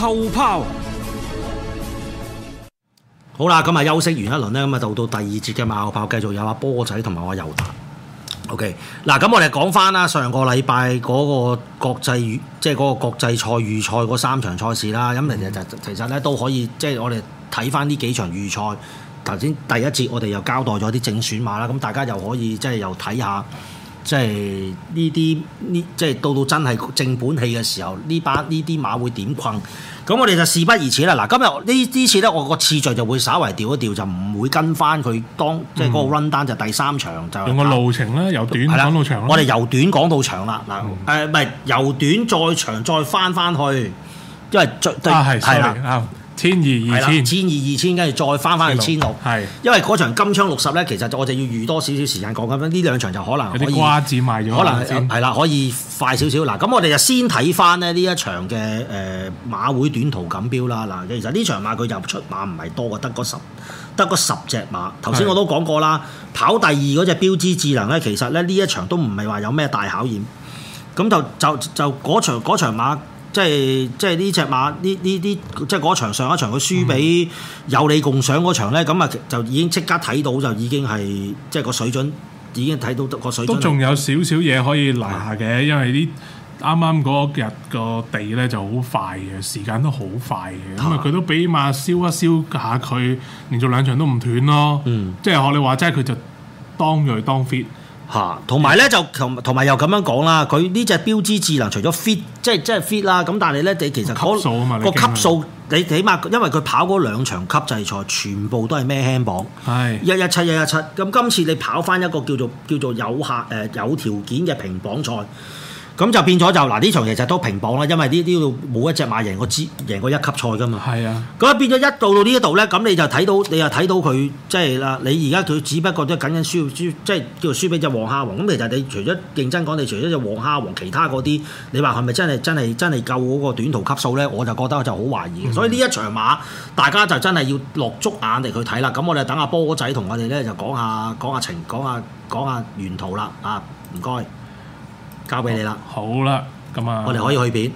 後炮，泡泡好啦，咁啊休息完一輪呢，咁啊到到第二節嘅馬後炮，繼續有阿波仔同埋我尤達。OK，嗱，咁我哋講翻啦，上個禮拜嗰個國際預，即係嗰個國際賽預賽嗰三場賽事啦，咁其實呢都可以，即係我哋睇翻呢幾場預賽。頭先第一節我哋又交代咗啲正選馬啦，咁大家又可以即係又睇下。即係呢啲呢，即係到到真係正本戲嘅時候，呢班呢啲馬會點困？咁我哋就事不宜遲啦。嗱，今日呢次呢，我個次序就會稍為調一調，就唔會跟翻佢當、嗯、即係嗰個 run 單就第三場就用個路程咧，就由，短由短講到長。我哋由短講到長啦。嗱、呃，誒唔係由短再長再翻翻去，因為最啊啦。千二二千，千二二千，跟住再翻翻去千六，係，因為嗰場金槍六十咧，其實我就要預多少少時間講緊呢兩場就可能可以可能係啦，可以快少少。嗱，咁我哋就先睇翻咧呢一場嘅誒馬會短途錦標啦。嗱，其實呢場馬佢入出馬唔係多，得十，得嗰十隻馬。頭先我都講過啦，跑第二嗰隻標誌智能咧，其實咧呢一場都唔係話有咩大考驗。咁就就就嗰場嗰場馬，即係即係呢隻馬，呢呢啲即係嗰場上一場佢輸俾有你共賞嗰場咧，咁啊、嗯、就已經即刻睇到，就已經係即係個水準已經睇到個水準都仲有少少嘢可以拿下嘅，因為啲啱啱嗰日個地咧就好快嘅，時間都好快嘅，咁啊佢都俾馬燒一燒一下佢，連續兩場都唔斷咯，嗯即，即係學你話齋，佢就當鋭當 fit。嚇，同埋咧就同同埋又咁樣講啦，佢呢隻標誌智能除咗 fit，即係即係 fit 啦，咁但係咧你呢其實、嗰個、級個級數，你，你起碼因為佢跑嗰兩場級制賽，全部都係咩輕磅，一一七一一七，咁今次你跑翻一個叫做叫做有客誒、呃、有條件嘅平磅賽。咁就變咗就嗱呢場其實都平榜啦，因為呢呢度冇一隻馬贏過支贏過一級賽噶嘛。係是啊，咁啊變咗一到到呢一度咧，咁你就睇到你又睇到佢即係啦，你而家佢只不過都僅僅輸輸即係叫輸俾隻黃蝦王。咁其實你除咗認真講，你除咗隻黃蝦王，其他嗰啲你話係咪真係真係真係夠嗰個短途級數咧？我就覺得我就好懷疑。嗯、所以呢一場馬，大家就真係要落足眼嚟去睇啦。咁我哋等阿波仔同我哋咧就講下講下情講下講下沿途啦。啊，唔該。交俾你啦。哦，好啦，咁啊，我哋可以去邊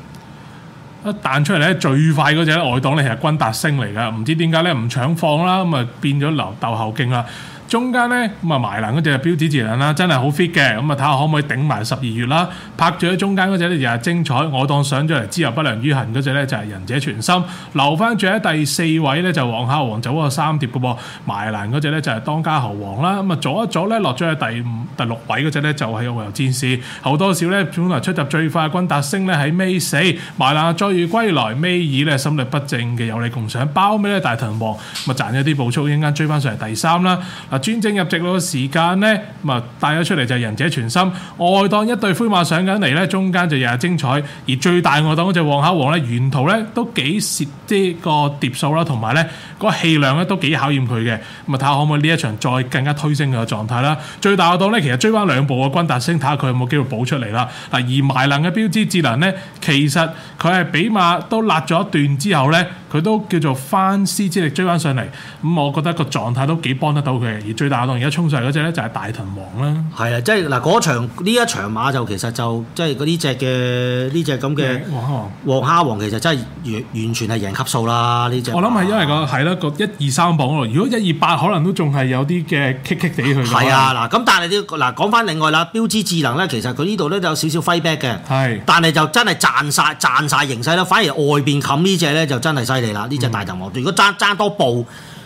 一彈出嚟咧，最快嗰隻外檔咧係軍達星嚟噶，唔知點解咧唔搶放啦，咁啊變咗留鬥後勁啦。中間咧咁啊，埋欄嗰隻係標指自眼啦，真係好 fit 嘅，咁啊睇下可唔可以頂埋十二月啦。拍住喺中間嗰隻咧又係精彩，我當上咗嚟之後不良於行嗰隻咧就係仁者全心，留翻住喺第四位咧就黃、是、孝王，王走過三碟嘅噃，埋欄嗰隻咧就係當家猴王啦。咁、嗯、啊左一左咧落咗去第五、第六位嗰隻咧就係遊遊戰士，好多少咧本來出集最快君達星咧喺尾四，埋欄再遇歸來尾二咧心律不正嘅有你共賞，包尾咧大藤王咁啊賺咗啲暴促，陣間追翻上嚟第三啦。專政入席咯，時間咧，啊帶咗出嚟就係仁者全心外檔一對灰馬上緊嚟咧，中間就日日精彩，而最大外檔就黃黑王咧，沿途咧都幾蝕即個疊數啦，同埋咧個氣量咧都幾考驗佢嘅，咁啊睇下可唔可以呢一場再更加推升佢嘅狀態啦。最大外檔咧其實追翻兩部個軍達星，睇下佢有冇機會補出嚟啦。嗱，而賣能嘅標誌智能咧，其實佢係比馬都拉咗一段之後咧。佢都叫做翻師之力追翻上嚟，咁、嗯、我覺得個狀態都幾幫得到佢，而最大動作而家衝上嗰隻咧就係、是、大騰王啦。係啊，即係嗱嗰場，呢一場馬就其實就即係嗰呢隻嘅呢隻咁嘅黃蝦王，黃蝦王其實真係完完全係贏級數啦呢隻。哦、我諗係因為、那個係啦，個一二三磅喎，如果一二八可能都仲係有啲嘅棘棘地去。係啊嗱，咁但係啲嗱講翻另外啦，標誌智能咧其實佢呢度咧有少少 fight back 嘅。係的，但係就真係賺晒、賺晒形勢啦，反而外邊冚呢隻咧就真係細。嚟啦！呢隻大藤王，如果爭爭多步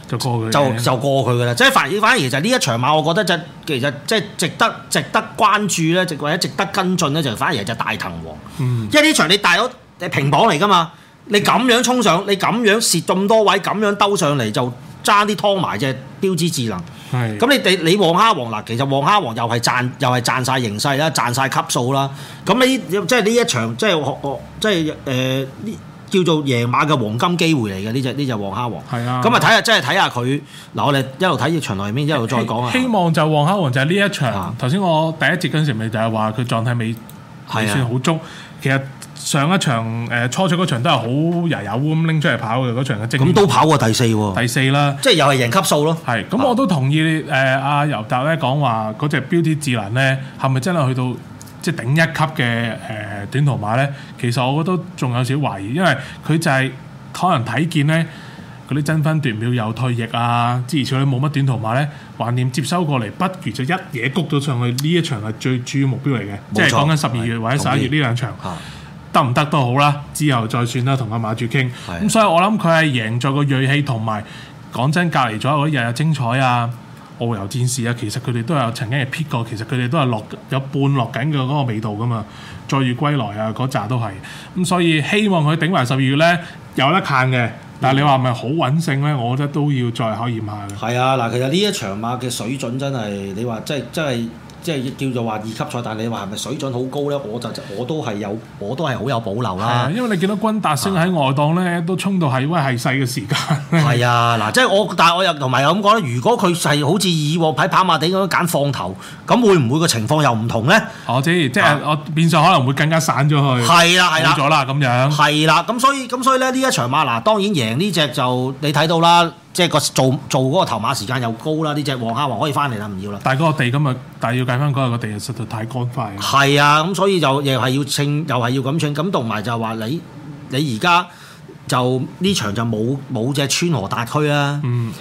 就過去就就過佢噶啦。即係反反而其實呢一場馬，我覺得就其實即係值得值得關注咧，或者值得跟進咧，就反而係隻大藤王。嗯、因為呢場你大咗平榜嚟噶嘛，你咁樣衝上，你咁樣蝕咁多位，咁樣兜上嚟就爭啲拖埋隻標誌智能。係是的。咁你你你黃蝦王嗱，其實黃蝦王又係賺又係賺曬形勢啦，賺晒級數啦。咁你即係呢一場即係、呃、即係誒呢？呃叫做贏馬嘅黃金機會嚟嘅呢隻呢隻黃蝦王，係啊，咁啊睇下即係睇下佢嗱，我哋一路睇住場內面一路再講啊。希望就黃蝦王就係呢一場。頭先、啊、我第一節嗰陣時咪就係話佢狀態未未算好足。啊、其實上一場誒初賽嗰場都係好油油咁拎出嚟跑嘅嗰場嘅精神。咁都跑過第四喎，啊，第四啦，即係又係贏級數咯。係、啊、咁、啊、我都同意誒阿、呃啊、尤達咧講話嗰隻 Beauty 智能咧係咪真係去到？即係頂一級嘅誒短途馬咧，其實我覺得仲有少少懷疑，因為佢就係、是、可能睇見咧嗰啲爭分奪秒有退役啊，之餘仲有冇乜短途馬咧，橫掂接收過嚟，不如就一嘢谷到上去呢一場係最主要目標嚟嘅，錯即係講緊十二月或者十一月呢兩場得唔得都好啦，之後再算啦，同阿馬主傾。咁的、嗯、所以我諗佢係贏咗個鋭氣同埋，講真隔離咗一日日精彩啊！遨遊戰士啊，其實佢哋都有曾經係撇過，其實佢哋都係落有半落緊嘅嗰個味道㗎嘛。再遇歸來啊，嗰扎都係咁、嗯，所以希望佢頂埋十二月咧有得撐嘅。但係你話係咪好穩性咧？我覺得都要再考驗下嘅。係啊，嗱，其實呢一場馬嘅水準真係，你話真係真係。即係叫做話二級賽，但係你話係咪水準好高咧？我就我都係有，我都係好有保留啦。啊、因為你見到君達星喺外檔咧，都衝到係屈係細嘅時間。係啊，嗱，即係我，但係我又同埋又咁講咧。如果佢係好似以往喺跑馬地咁樣揀放頭，咁會唔會個情況又唔同咧？我知，即係、啊、我變相可能會更加散咗去。係、啊啊、啦，係啦、啊，冇咗啦，咁樣。係啦，咁所以咁所以咧，呢一場馬嗱，當然贏呢隻就你睇到啦。即係個做做嗰個頭馬時間又高啦，呢隻黃蝦還可以翻嚟啦，唔要啦。但係嗰個地今日，但係要計翻嗰個地啊，實在太乾快。係啊，咁、嗯、所以就又係要清，又係要咁清。咁同埋就係話你你而家就呢場就冇冇隻川河達區啦。咁、嗯、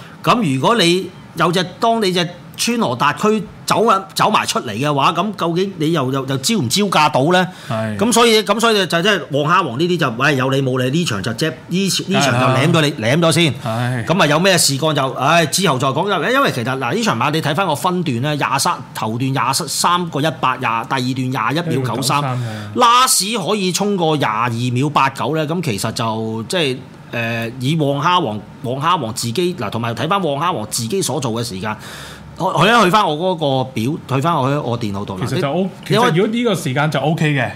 如果你有隻當你隻。川羅達區走啊，走埋出嚟嘅話，咁究竟你又又又，又招唔招架到咧？係咁，所以咁所以就即係黃蝦王呢啲就喂、哎、有你冇你呢場就即呢呢場就舐咗你舐咗是的 先。係咁啊，是的 有咩事幹？就唉、哎、之後再講。因為其實嗱呢場馬你睇翻個分段咧，廿三頭段廿三個一百，廿，第二段廿一秒九三，拉屎可以衝過廿二秒八九咧。咁其實就即係誒以黃蝦王黃蝦王自己嗱同埋睇翻黃蝦王自己所做嘅時間。去一去翻我嗰個表，去翻我喺我電腦度其實就 O，你其實如果呢個時間就 O K 嘅。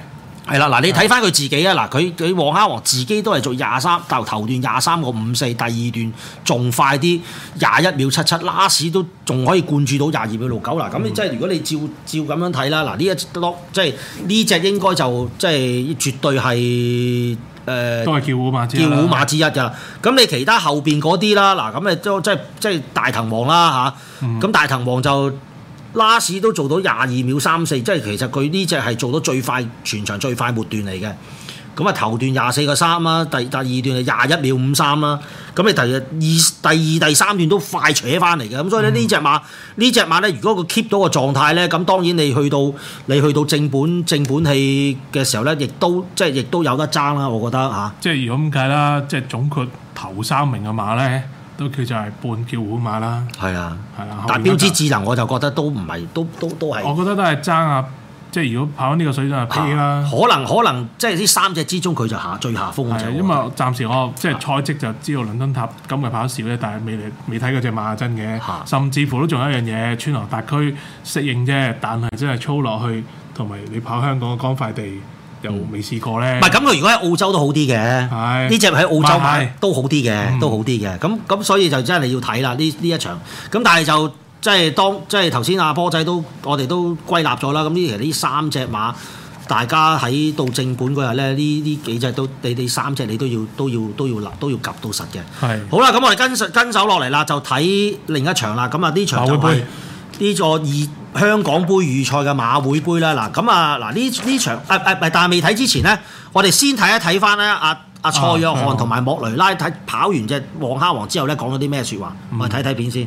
係啦，嗱，你睇翻佢自己啊，嗱的，佢佢黃黑華自己都係做廿三，但頭段廿三個五四，第二段仲快啲，廿一秒七七，拉屎都仲可以灌注到廿二秒六九。嗱，咁你即係如果你照照咁樣睇啦，嗱，呢一即係呢隻應該就即係、即係、絕對係。誒，都係叫虎馬之，叫虎馬之一㗎。咁你其他後邊嗰啲啦，嗱、就是，咁誒都即係即係大藤王啦吓，咁、嗯、大藤王就拉屎都做到廿二秒三四，4, 即係其實佢呢只係做到最快，全場最快末段嚟嘅。咁啊，頭段廿四個三啦，第第二段係廿一秒五三啦，咁你第二、第二、第三段都快扯翻嚟嘅，咁所以呢隻馬呢隻馬呢，嗯、如果佢 keep 到個狀態呢，咁當然你去到你去到正本正本戲嘅時候呢，亦都即係亦都有得爭啦，我覺得嚇。即係如果咁計啦，即係總括頭三名嘅馬呢，都叫做係半叫碗馬啦。係啊，係啊，但係標誌智能我就覺得都唔係，都都都係。我覺得都係爭啊！即係如果跑呢個水準係 P 啦，可能可能即係呢三隻之中佢就下最下風嘅就。係對，因為暫時我、啊、即係賽績就知道倫敦塔咁咪跑少咧，但係未未睇過隻馬真嘅，啊、甚至乎都仲有一樣嘢，川行特區適應啫。但係真係操落去同埋你跑香港嗰乾快地又未試過咧。唔係咁佢如果喺澳洲都好啲嘅，呢隻喺澳洲買都是好啲嘅，都、嗯、好啲嘅。咁咁、嗯、所以就真係你要睇啦呢呢一場。咁但係就。即係當即係頭先阿波仔都，我哋都歸納咗啦。咁呢其實呢三隻馬，大家喺到正本嗰日咧，呢呢幾隻都你哋三隻你都要都要都要納都要及到實嘅。係。好啦，咁我哋跟跟手落嚟啦，就睇另一場啦。咁啊呢場就係呢座二香港杯預賽嘅馬會杯啦。嗱咁啊嗱呢呢場誒誒但係未睇之前咧，我哋先睇一睇翻咧阿阿蔡約翰同埋莫雷拉睇跑完隻黃蝦王之後咧講咗啲咩説話，我哋睇睇片先。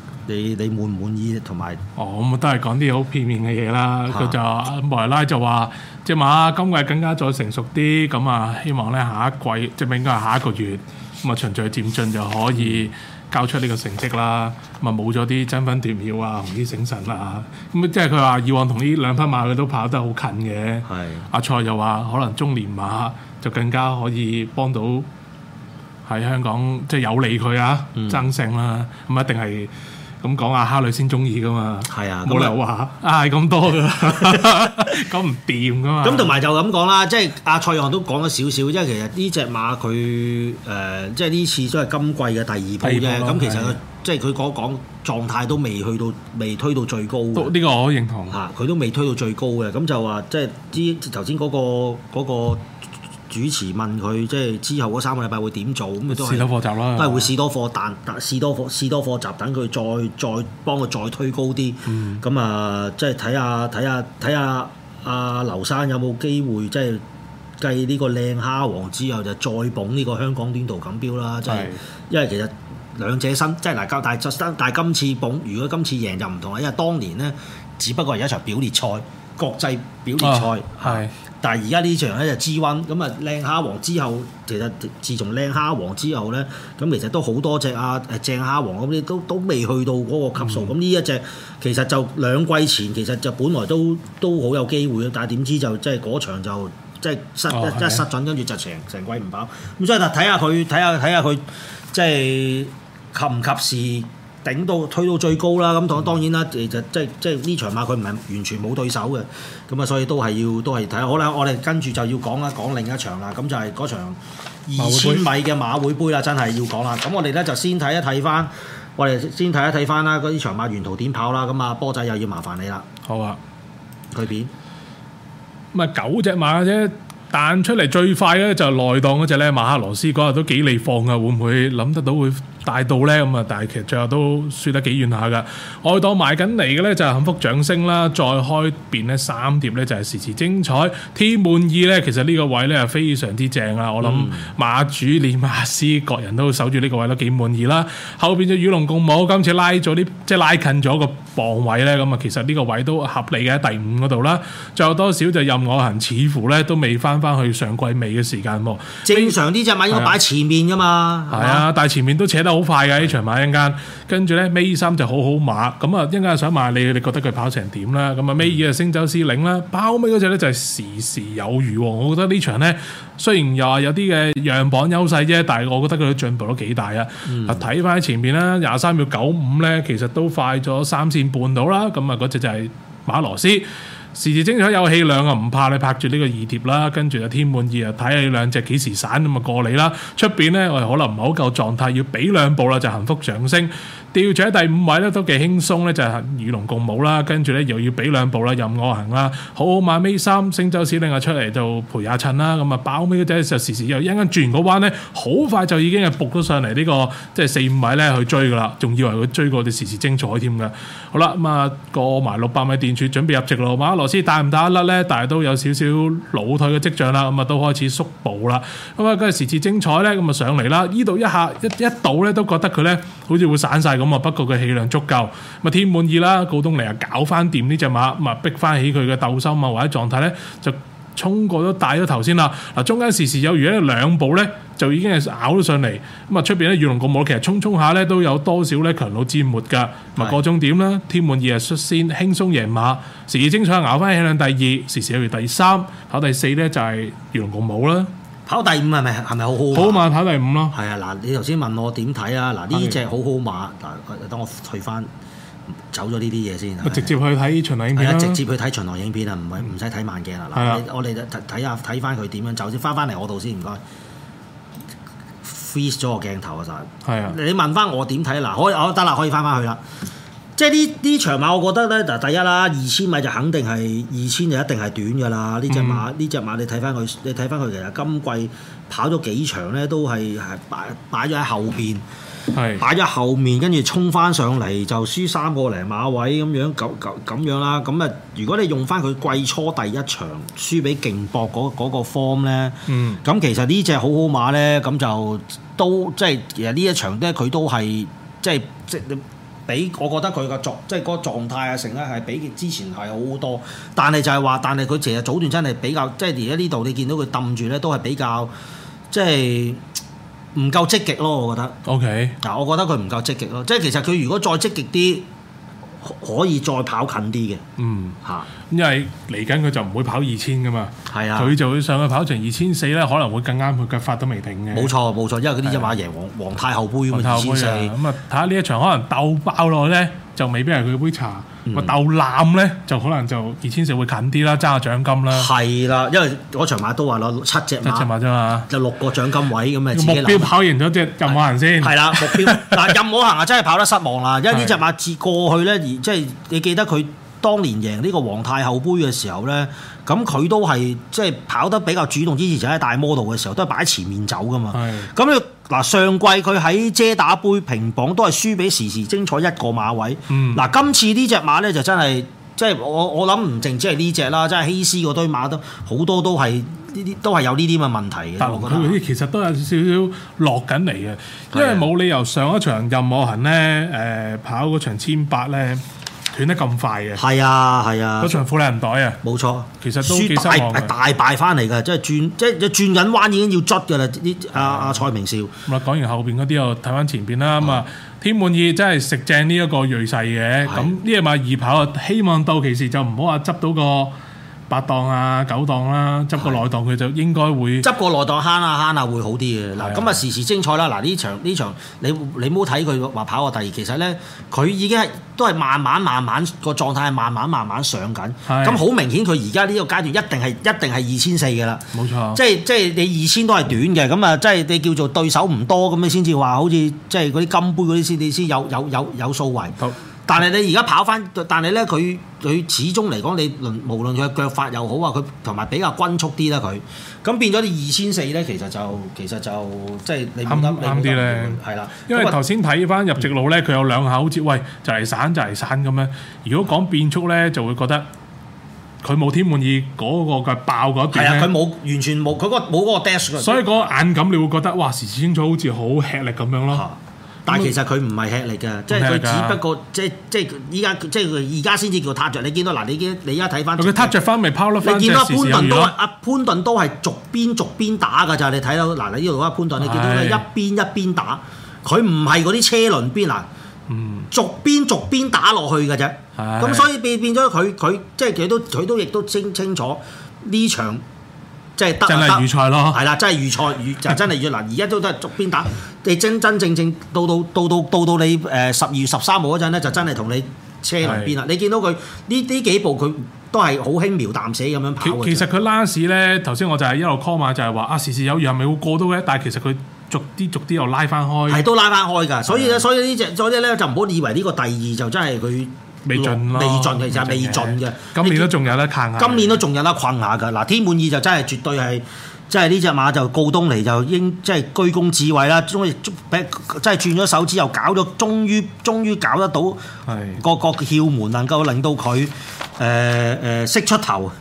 你你滿唔滿意同埋哦，咁都係講啲好片面嘅嘢啦。佢、啊、就莫雷拉就話，隻馬今季更加再成熟啲，咁啊希望咧下一季，即係應該係下一個月，咁啊循序漸進就可以交出呢個成績啦。咁啊冇咗啲爭分奪秒啊、雄姿醒神啊，咁即係佢話以往同呢兩匹馬佢都跑得好近嘅。係是阿蔡又話，可能中年馬就更加可以幫到喺香港，即係有利佢啊、嗯、爭勝啦、啊。咁一定係。咁講啊，哈里先中意噶嘛，係啊，冇理由話、嗯、啊，咁多噶，咁唔掂噶嘛。咁同埋就咁講啦，即係阿蔡陽都講咗少少、呃，即係其實呢隻馬佢誒，即係呢次都係今季嘅第二鋪啫。咁其實嘅的即係佢講講狀態都未去到，未推到最高。呢、呢個我認同吓，佢、啊、都未推到最高嘅。咁就話即係啲頭先嗰個嗰個。嗰個嗰個主持問佢，即係之後嗰三個禮拜會點做？咁佢都係試多課習啦，都係會試多課，但但試多課試多課習，等佢再再，再幫佢再推高啲。咁、嗯、啊，即係睇下睇下睇下阿、啊、劉生有冇機會，即係繼呢個靚蝦王之後，就再捧呢個香港短途錦標啦。即係是因為其實兩者新即係嗱，但係但係今次捧，如果今次贏就唔同啦。因為當年呢，只不過係一場表列賽，國際表列賽係。但係而家呢場咧就知温，咁啊靚蝦王之後，其實自從靚蝦王之後咧，咁其實都好多隻啊，誒正蝦王咁啲都都未去到嗰個級數，咁呢、嗯、一隻其實就兩季前其實就本來都都好有機會嘅，但係點知就即係嗰場就即係、即係、失、哦、一失準，跟住就成成季唔跑。咁所以就睇下佢睇下睇下佢即係及唔及時，頂到推到最高啦，咁當當然啦，其實、嗯、即係即係呢場馬佢唔係完全冇對手嘅，咁啊所以都係要都係睇。好啦，我哋跟住就要講一講另一場啦，咁就係嗰場二千米嘅馬會杯啦，真係要講啦。咁我哋咧就先睇一睇翻，我哋先睇一睇翻啦，嗰啲場馬沿途點跑啦？咁啊波仔又要麻煩你啦。好啊，去邊？咪九隻馬啫，彈出嚟最快咧就內檔嗰隻咧馬克羅斯嗰日都幾利放啊，會唔會諗得到會？大到咧咁啊，但係其實最後都輸得幾遠下噶。外檔埋緊嚟嘅咧就係、是、幸福掌聲啦，再開邊呢，三碟咧就係時時精彩。天滿意咧，其實呢個位咧係非常之正啊。我諗馬主、練馬師各人都守住呢個位都幾滿意啦。後邊就與龍共舞今次拉咗啲即係拉近咗個磅位咧，咁啊其實呢個位都合理嘅第五嗰度啦。最後多少就任我行，似乎咧都未翻翻去上季尾嘅時間喎。正常啲隻馬，應該擺前面㗎嘛。係啊，吧啊，但係前面都扯得。好快嘅呢場買一間，跟住咧尾三就好好馬，咁啊一間想買你，你覺得佢跑成點啦？咁啊尾二啊星洲司令啦，包、嗯、尾嗰隻咧就時時有餘。我覺得場呢場咧雖然又話有啲嘅讓磅優勢啫，但係我覺得佢啲進步都幾大啊。睇翻、嗯、前邊啦，廿三秒九五咧，其實都快咗三線半到啦。咁啊嗰隻就係馬羅斯。時時精彩有氣量啊，唔怕你拍住呢個二貼啦，跟住就天滿意啊，睇下呢兩隻幾時散咁啊過你啦！出邊咧我哋可能唔係好夠狀態，要俾兩步啦，就幸福上升，掉住喺第五位咧都幾輕鬆咧，就係、與龍共舞啦，跟住咧又要俾兩步啦，任我行啦，好好慢尾三星洲司令啊出嚟就陪下襯啦，咁啊包尾仔就時時又一陣轉完個彎咧，好快就已經係撲咗上嚟呢、呢個即係四五位咧去追㗎啦，仲以為佢追過啲時時精彩添㗎，好啦咁啊、嗯、過埋六百米電柱準備入席咯，馬一。螺絲帶唔帶得甩咧？但係都有少少老腿嘅跡象啦，咁啊都開始縮步啦。咁啊，陣時至精彩咧，咁啊上嚟啦。呢度一下一一倒咧，都覺得佢咧好似會散晒咁啊。不過佢氣量足夠，咁啊天滿意啦。高東尼啊，搞翻掂呢隻馬，咪逼翻起佢嘅鬥心啊，或者狀態咧就。衝過咗大咗頭先啦，嗱中間時時有餘咧兩步咧就已經係咬咗上嚟，咁啊出邊咧御龍共舞其實衝衝下咧都有多少咧強弩之末噶，咁啊過終點啦，天滿意啊率先輕鬆贏馬，時時精彩咬返起第二，時時有餘第三，跑第四咧就係、是、御龍共舞啦，跑第五係咪係咪好跑馬跑、啊、好馬？跑第五咯，係啊嗱，你頭先問我點睇啊嗱呢隻好好馬嗱，等我退翻。走咗呢啲嘢先，直接去睇巡邏影片。係啊，直接去睇巡邏影片啊，唔係唔使睇慢鏡是的 啦。係啊，我哋睇下睇翻佢點樣走，走先，翻翻嚟我度先唔該。freeze 咗個鏡頭啊，就你問翻我點睇嗱？可以，我得啦，可以翻翻去啦。即係呢呢場馬，我覺得咧，第一啦，二千米就肯定係二千就一定係短噶啦。呢隻馬呢隻馬，嗯、隻馬你睇翻佢，你睇翻佢，其實今季跑咗幾場咧，都係係擺擺咗喺後邊。嗯係擺咗後面，跟住衝翻上嚟就輸三個零馬位咁樣，咁咁咁樣啦。咁啊，如果你用翻佢季初第一場輸俾勁博嗰嗰個 form 咧，咁其實呢隻好好馬咧，咁就都即係其實呢一場咧，佢都係即係即係你俾我覺得佢個狀即係嗰個狀態啊，成咧係比之前係好好多。但係就係話，但係佢其實早段真係比較，即係而家呢度你見到佢揼住咧，都係比較即係。唔夠積極咯，我覺得。O K。嗱，我覺得佢唔夠積極咯，即係其實佢如果再積極啲，可以再跑近啲嘅。嗯。嚇，因為嚟緊佢就唔會跑二千噶嘛。係啊。佢就會上去跑成二千四咧，可能會更啱佢腳法都未定嘅。冇錯冇錯，因為嗰啲一馬贏皇太后杯咁啊，睇下呢一場可能鬥爆落咧，就未必係佢杯茶。我斗冧咧，就可能就二千四會近啲啦，揸下獎金啦。係啦，因為嗰場馬都話攞七隻馬啫嘛，就六個獎金位咁啊，自己目標跑贏咗隻任我行先。係啦，目標嗱 任我行啊，真係跑得失望啦，的因為呢隻馬自過去咧，而即係你記得佢當年贏呢個皇太后杯嘅時候咧，咁佢都係即係跑得比較主動之時，就喺大 model 嘅時候都係擺前面走噶嘛。咁的嗱，上季佢喺遮打杯平磅都係輸俾時時精彩一個馬位。嗱、嗯，今次隻呢隻馬咧就真係，即係我我諗唔淨只係呢隻啦，即係希斯嗰堆馬都好多都係呢啲都係有呢啲咁嘅問題嘅。但係我覺得其實都有少少落緊嚟嘅，因為冇理由上一場任我行咧誒、呃、跑嗰場千八咧。斷得咁快嘅，係啊係啊，嗰、啊、場富力人袋啊，冇錯，其實都失望輸大係大敗翻嚟嘅，即係轉即係轉緊彎已經要執嘅啦。啲阿阿蔡明少，咪講完後邊嗰啲又睇翻前邊啦。咁、嗯、啊，天滿意真係食正呢一個瑞勢嘅，咁呢馬二跑希望到期時就唔好話執到個。八檔啊，九檔啦，啊，執個內檔佢就應該會執個內檔慳下慳下會好啲嘅嗱。咁啊是的 時時精彩啦！嗱呢場呢場你你冇睇佢話跑過第二，其實咧佢已經係都係慢慢慢慢個狀態係慢慢慢慢上緊。咁好是的 明顯佢而家呢個階段一定係一定係二千四嘅啦。冇錯，啊即。即係即係你二千都係短嘅，咁啊即係你叫做對手唔多咁樣先至話好似即係嗰啲金杯嗰啲先你先有有有有，有，有數為。但係你而家跑翻，但係咧佢佢始終嚟講，你輪無論佢腳法又好啊，佢同埋比較均速啲啦，佢咁變咗你二千四咧，其實就其實就即係你啱啱啲咧，係啦樣，嗯，因為頭先睇翻入直路咧，佢有兩口好似：「喂就係散就係散咁樣。如果講變速咧，就會覺得佢冇天滿意嗰、嗰個嘅、嗰個、爆嗰啲啊，佢冇完全冇佢個冇嗰個 dash，所以嗰個眼感你會覺得哇時時清楚好似好吃力咁樣咯。但其實佢唔係吃力㗎，即係佢只不過即係即係依家即係佢而家先至叫踏着。你見到嗱，你已經你而家睇翻，佢踏着翻咪拋甩？你見到潘頓都阿潘頓都係逐邊逐邊打㗎咋？你睇到嗱，你呢度啊潘頓，你見到佢一邊一邊打，佢唔係嗰啲車輪邊啊，嗯，逐邊逐邊打落去㗎啫。咁的所以變變咗佢佢即係佢都佢都亦都清清楚呢場。即係得得係啦，真係預賽就真係越難。而家都都係逐邊打。你真真正正，正到到到到到到你誒十二月十三號嗰陣咧，就真係同你車輪邊啦。的你見到佢呢呢幾步，佢都係好輕描淡寫咁樣跑的。其實佢拉屎咧，頭先我就係一路 call 埋，就係、是、話啊時時有餘，又係咪會過到嘅？但係其實佢逐啲逐啲又拉翻開，係都拉翻開㗎。所以咧，所以呢隻所以咧就唔好以為呢個第二就真係佢。未盡咯，未盡，其實未盡嘅。今年都仲有得靠，今年都仲有得困下噶。嗱，天滿意就真係絕對係，即係呢隻馬就告東嚟就應，即係居功至偉啦。終於，即係轉咗手指又搞咗，終於，終於搞得到個是個，個竅門，能夠令到佢誒誒識出頭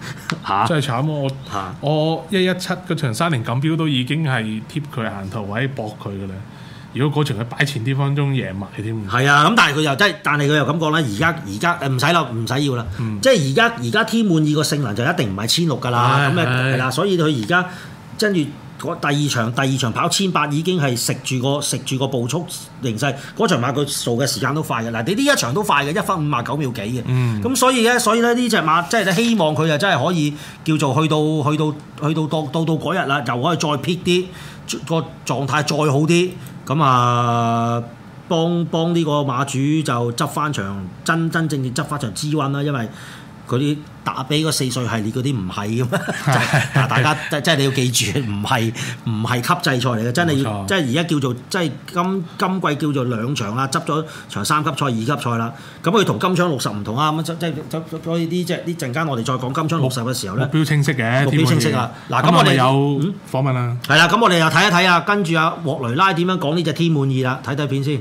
嚇。 真係慘啊！我 我一一七嗰場山連錦標都已經係貼佢行頭位搏佢嘅咧。如果嗰場佢擺前啲分鐘贏埋添，係啊！咁但係佢又真係，但係佢又咁講啦。而家而家誒唔使啦，唔使要啦。嗯、即係而家而家天滿意個性能就一定唔係千六㗎啦。咁咧係啦，所以佢而家跟住第二場，第二場跑千八已經係食住個食住個步速形勢。嗰場馬佢做嘅時間都快嘅。嗱，你呢一場都快嘅一分五十九秒幾嘅。咁、嗯、所以咧，所以咧呢隻馬即係希望佢就真係可以叫做去到去到去到到到到嗰日啦，又可以再撇啲。個狀態再好啲，咁啊，幫幫呢個馬主就執翻場，真真正正執翻場。資溫啦、啊，因為。嗰啲打俾個四歲系列嗰啲唔係嘅咩？嗱、即係， 大家即係你要記住，唔係唔係級制賽嚟嘅，真係要即係而家叫做即係今今季叫做兩場啦，執咗場三級賽、二級賽啦。咁佢同金槍六十唔同啊，咁即係即係，所以呢即係呢陣間我哋再講金槍六十嘅時候咧，目標清晰嘅，目標清晰啊！嗱，咁我哋有訪問啊，係啦、嗯，咁我哋又睇一睇啊，跟住阿莫雷拉點樣講呢隻天滿意啦，睇睇片先。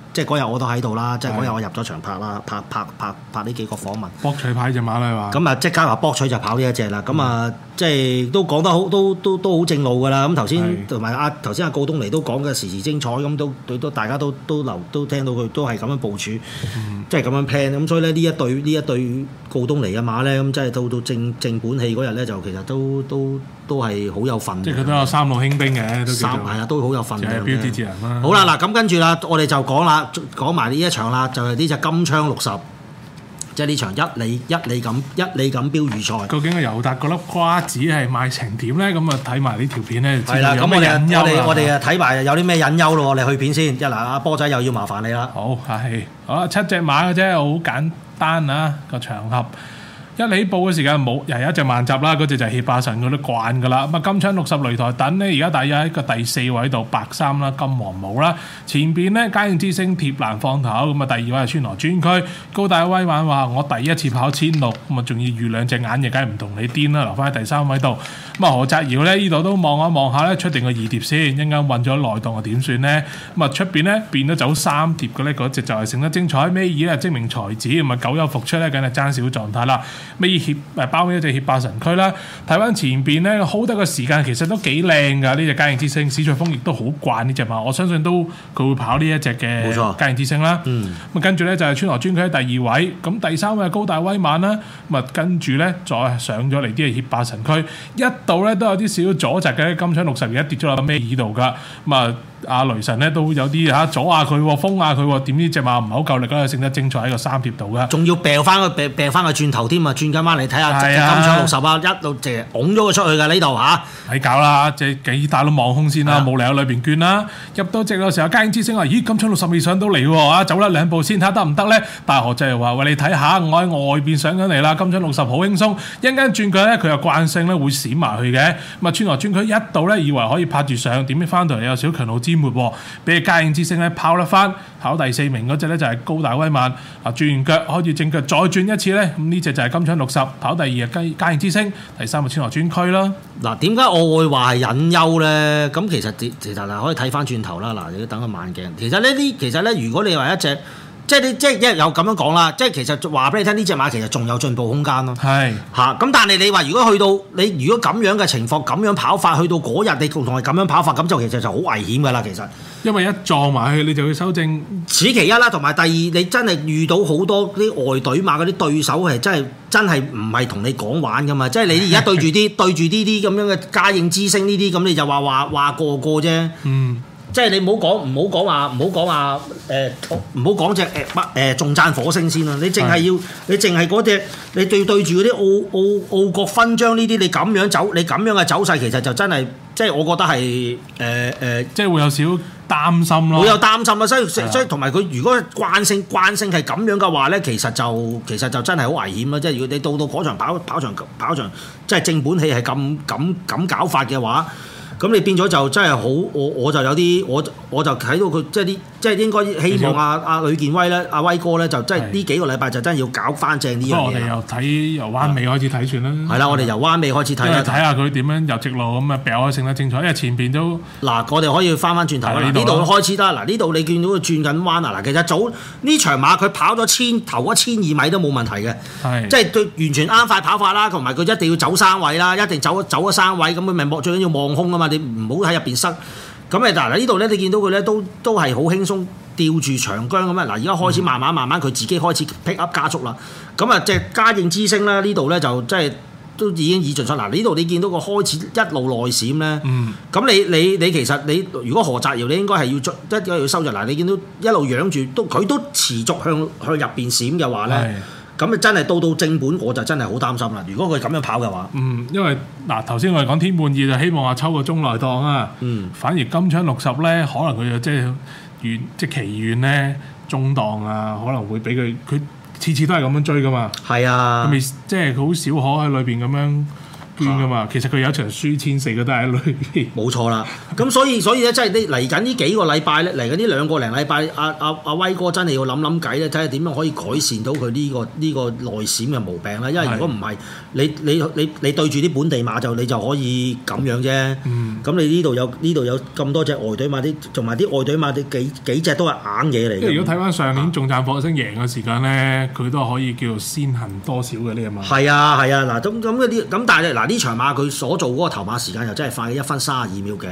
即係嗰日我都喺度啦，的即係嗰日我入咗場拍啦，拍拍拍拍呢幾個訪問。博取拍隻馬係嘛？咁啊，即係加埋博取就跑呢一隻啦，咁啊的。即係都講得好，都都都好正路㗎啦。咁頭先同埋啊，頭先阿告東尼都講嘅時時精彩咁，都對都大家都都留都聽到佢都係咁樣部署，即係咁樣 plan。咁所以咧，呢一對呢一對告東尼嘅馬咧，咁即係到到正正本戲嗰日咧，就其實都都都係好有份。即係佢都有三路輕兵嘅，三、係啦都好有份嘅。嗯、好啦，嗱咁跟住啦，我哋就講啦，講埋呢一場啦，就係呢隻金槍六十。即係呢場一理一理咁一理錦標預賽，究竟個尤達嗰粒瓜子係賣成點咧？咁啊睇埋呢條片咧，知道有咩隱憂啦。我哋我哋啊睇埋有啲咩隱憂咯，我哋去片先。一係嗱，阿波仔又要麻煩你啦。好係，好啦，七隻馬嘅啫，好簡單啊，個場合，一起步嘅時間冇，又有一隻萬集啦，嗰隻就係協霸神嗰啲慣噶啦。咁啊金槍六十擂台等呢，而家大約喺個第四位度，白衫啦，金黃帽啦。前邊呢，嘉應之星貼欄放頭，咁啊第二位係川羅專區高大威猛話：我第一次跑千六，咁啊仲要遇兩隻眼亦梗係唔同你癲啦，留翻喺第三位度。咁啊何澤堯咧呢度都望下望下咧出定個二碟先，一陣間運咗內檔又點算呢？咁啊出邊咧變咗走三碟嘅咧，嗰隻就係成得精彩，尾二啊精明才子，咁啊久有復出咧，梗係爭少狀態啦。咩協包尾一隻協霸神區啦！睇翻前邊咧，好得個時間其實都幾靚㗎，呢隻嘉應之星，史翠峰亦都好慣呢隻馬，我相信都佢會跑呢一隻嘅嘉應之星啦。冇錯嗯，咁跟住咧就係、是、川河專區喺第二位，咁第三位係高大威猛啦。咁啊跟住咧再上咗嚟啲係協霸神區，一度咧都有啲少阻滯嘅金槍六十而家跌咗落尾耳尾二度㗎。咁啊阿雷神咧都有啲嚇、啊、阻下佢，封下佢，點呢隻馬唔係好夠力啦，成得精彩喺個三碟度㗎。仲要病翻佢，病掉翻佢轉頭添啊！轉緊返嚟睇下，直接、啊、金槍六十啊！一路直拱咗佢出去嘅呢度吓，咪搞啦，即係幾大都望空先啦、啊，冇、啊、理由裏邊劵啦。入到直路嘅時候嘉應之星話：咦，金槍六十未上到嚟喎，啊，走啦兩步先睇下得唔得咧？大學就係話：喂，你睇下，我喺外邊上緊嚟啦，金槍六十好輕鬆。一間轉腳咧，佢又慣性咧會閃埋去嘅。咁啊，穿來穿去，一度咧以為可以拍住上，點知翻到嚟有小強弩之末、啊？俾嘉應之星咧拋甩翻，考第四名嗰隻咧就係、是、高大威猛。啊，轉完腳可以正腳，腳，再轉一次咧，咁呢隻就係金。五千六十跑第二日，佳佳燕之星，第三個天河專區啦。嗱，點解我會話係隱憂咧？咁其實，其實嗱，可以睇翻轉頭啦。嗱，你都等個慢鏡。其實呢啲，其實咧，如果你話一隻。即係你，即係一有咁樣講啦。即係其實話俾你聽，呢隻馬其實仲有進步空間咯。係嚇是，咁、啊、但係你話如果去到你如果咁樣嘅情況，咁樣跑法去到嗰日，你同同係咁樣跑法，咁就其實就好危險噶啦。其實因為一撞埋去，你就要修正此其一啦。同埋第二，你真係遇到好多啲外隊馬嗰啲對手係真係真係唔係同你講玩噶嘛。即係 你而家對住啲對住呢啲咁樣嘅家應之星呢啲咁，你就話話話個個啫。過過嗯。即係你唔好講，唔好講話，唔好講話，誒、欸，唔好講隻誒乜誒仲讚火星先啦。你淨係要，是的 你淨係嗰隻，你對對住嗰啲澳澳澳國勛章呢啲，你咁樣走，你咁樣嘅走勢，其實就真係，即係我覺得係誒誒，即係會有少擔心咯。會有擔心啊！所以所以同埋佢如果慣性慣性係咁樣嘅話咧，其實就其實就真係好危險啊！即係如果你到到嗰場跑跑，跑場跑場，跑場，即係正，正本戲係咁咁咁搞法嘅話。咁你變咗就真係好，我我就有啲我，我就我就睇到佢即係啲。即係應該希望阿阿呂建威咧，阿、啊、威哥咧就是 即係呢幾個禮拜就真係要搞翻正呢樣嘢。不過我哋由睇由彎尾開始睇算啦。係啦，我哋由彎尾開始睇啦。睇下佢點樣入直路咁啊，比較性質精彩，因為前邊都嗱，我哋可以翻翻轉頭的啦。呢度開始得嗱，呢度你見到佢轉緊彎啊嗱，其實早呢場馬佢跑咗千頭一千二米都冇問題嘅，的即係對完全啱快跑法啦，同埋佢一定要走三位啦，一定走走咗三位咁佢咪莫最緊要望空啊嘛，你唔好喺入邊塞。咁誒，嗱嗱呢度咧，你見到佢咧都都係好輕鬆吊住長江咁啊！嗱，而家開始慢慢、嗯、慢慢佢自己開始 pick up 加速啦。咁啊，即係嘉應之星啦，呢度咧就即係都已經已盡出。嗱，呢度你見到佢開始一路內閃咧，咁、嗯、你你你其實你如果何澤堯，你應該係要一要收入嗱。你見到一路養住都佢都持續向向入邊閃嘅話咧。咁啊，真係到到正本我就真係好擔心啦！如果佢咁樣跑嘅話，嗯，因為嗱頭先我哋講天半二就希望啊抽個中內檔啊，嗯，反而金槍六十呢，可能佢就即係遠即係期遠中檔啊，可能會俾佢佢次次都係咁樣追噶嘛，係啊，未即係佢好少可喺裏邊咁樣。嘅嘛，其實佢有一場輸千四個都係一類，冇錯啦，咁所以所以咧，即係呢嚟緊呢幾個禮拜咧，嚟緊呢兩個零禮拜，阿阿阿威哥真係要諗諗計咧，睇下點樣可以改善到佢呢個呢個內閃嘅毛病啦。因為如果唔係，你你你你對住啲本地馬就你就可以咁樣啫。咁、嗯、你呢度有呢度有咁多隻外隊馬啲，同埋啲外隊馬啲幾幾隻都係硬嘢嚟嘅。如果睇翻上年重戰火星贏嘅時間咧，佢都可以叫做先行多少嘅呢個馬。係啊係啊，嗱咁咁嗰啲咁，但係嗱。呢場馬佢所做嗰個頭馬時間又真係快嘅一分三十二秒幾，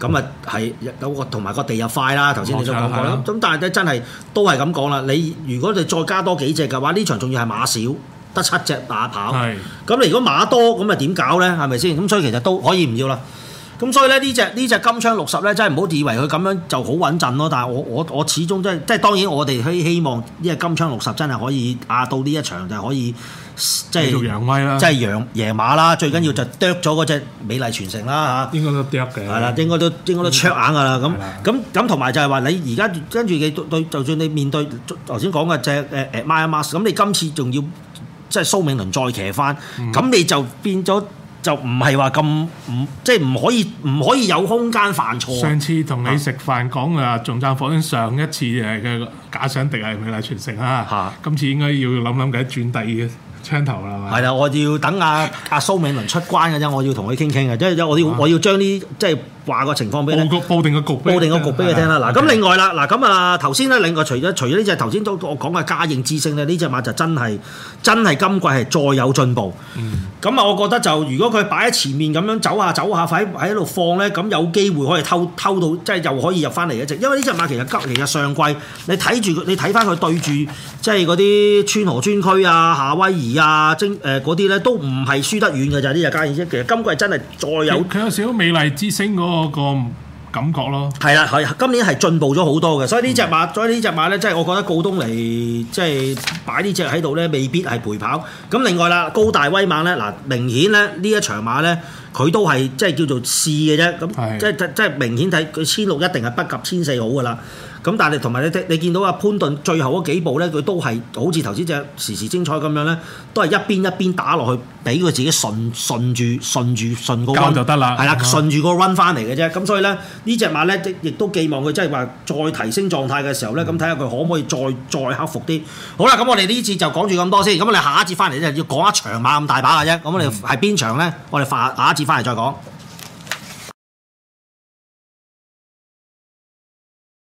咁啊係有個同埋個地又快啦，頭先你都講過啦。咁但係咧真係都係咁講啦。你如果你再加多幾隻嘅話，呢場仲要係馬少，得七隻馬跑，咁你的如果馬多咁啊點搞呢？係咪先？咁所以其實都可以唔要啦。咁、嗯、所以咧呢隻呢隻金槍六十咧真係唔好以為佢咁樣就好穩陣咯，但係我我我始終真、就、係、是、即係當然我哋希希望呢隻金槍六十真係可以亞、啊、到呢一場就可以即係揚威啦，即係贏馬啦，最緊要就啄咗嗰隻美麗傳承啦嚇、嗯，應該都啄嘅，係啦，應該都應該都灼眼㗎啦，咁咁咁同埋就係話你而家跟住你對就算你面對頭先講嘅隻誒誒馬一馬，咁、呃啊、你今次仲要即係蘇銘倫再騎翻，咁你就變咗。就唔係話咁唔即係唔可以唔可以有空間犯錯。上次同你食飯講啊，仲贊火上一次誒嘅假想敵係美麗傳承啊。嚇！今次應該要諗諗，計轉第二個槍頭係咪？係啦，我要等阿、啊、阿、 啊、蘇美倫出關嘅啫，我要同佢傾傾嘅，即係我我要將啲。即係。話個情況俾你，報定個局，報定個局俾你聽啦。嗱的，咁另外啦，嗱的，咁啊頭先咧，另外除咗除咗呢隻頭先都我講嘅嘉應之星咧，呢隻馬就真係真係今季係再有進步。咁啊，我覺得就如果佢擺喺前面咁樣走下走下，喺喺度放咧，咁有機會可以偷偷到，即係又可以入翻嚟一隻。因為呢隻馬其實急，其實上季你睇住你睇翻佢對住，即係嗰啲川河川區啊、夏威夷啊、精嗰啲咧，都唔係輸得遠嘅就係呢隻嘉應之星。其實今季真係再有，佢有少美麗之星嗰個感覺咯，係啦，係今年係進步咗好多嘅，所以呢隻馬，嗯、所以隻呢隻馬咧，即係我覺得告東尼即係擺呢隻喺度咧，未必係陪跑。咁另外啦，高大威猛咧，嗱，明顯咧呢一場馬咧，佢都係即係叫做試嘅啫。咁是的 即係即係明顯睇佢千六一定係不及千四好噶啦。咁但係同埋你睇你見到阿潘頓最後嗰幾步咧，佢都係好似頭先隻時時精彩咁樣咧，都係一邊一邊打落去，俾佢自己順順住順住順，順個 run 就得啦。係啦的，順住個 run 翻嚟嘅啫。咁、嗯、所以咧，隻呢隻馬咧亦都寄望佢即係話再提升狀態嘅時候咧，咁睇下佢可唔可以再再克服啲。好啦，咁我哋呢次就講住咁多先。咁我哋下一次翻嚟咧，要講一場馬咁大把嘅啫。咁我哋係邊場咧？我哋下下一次翻嚟再講。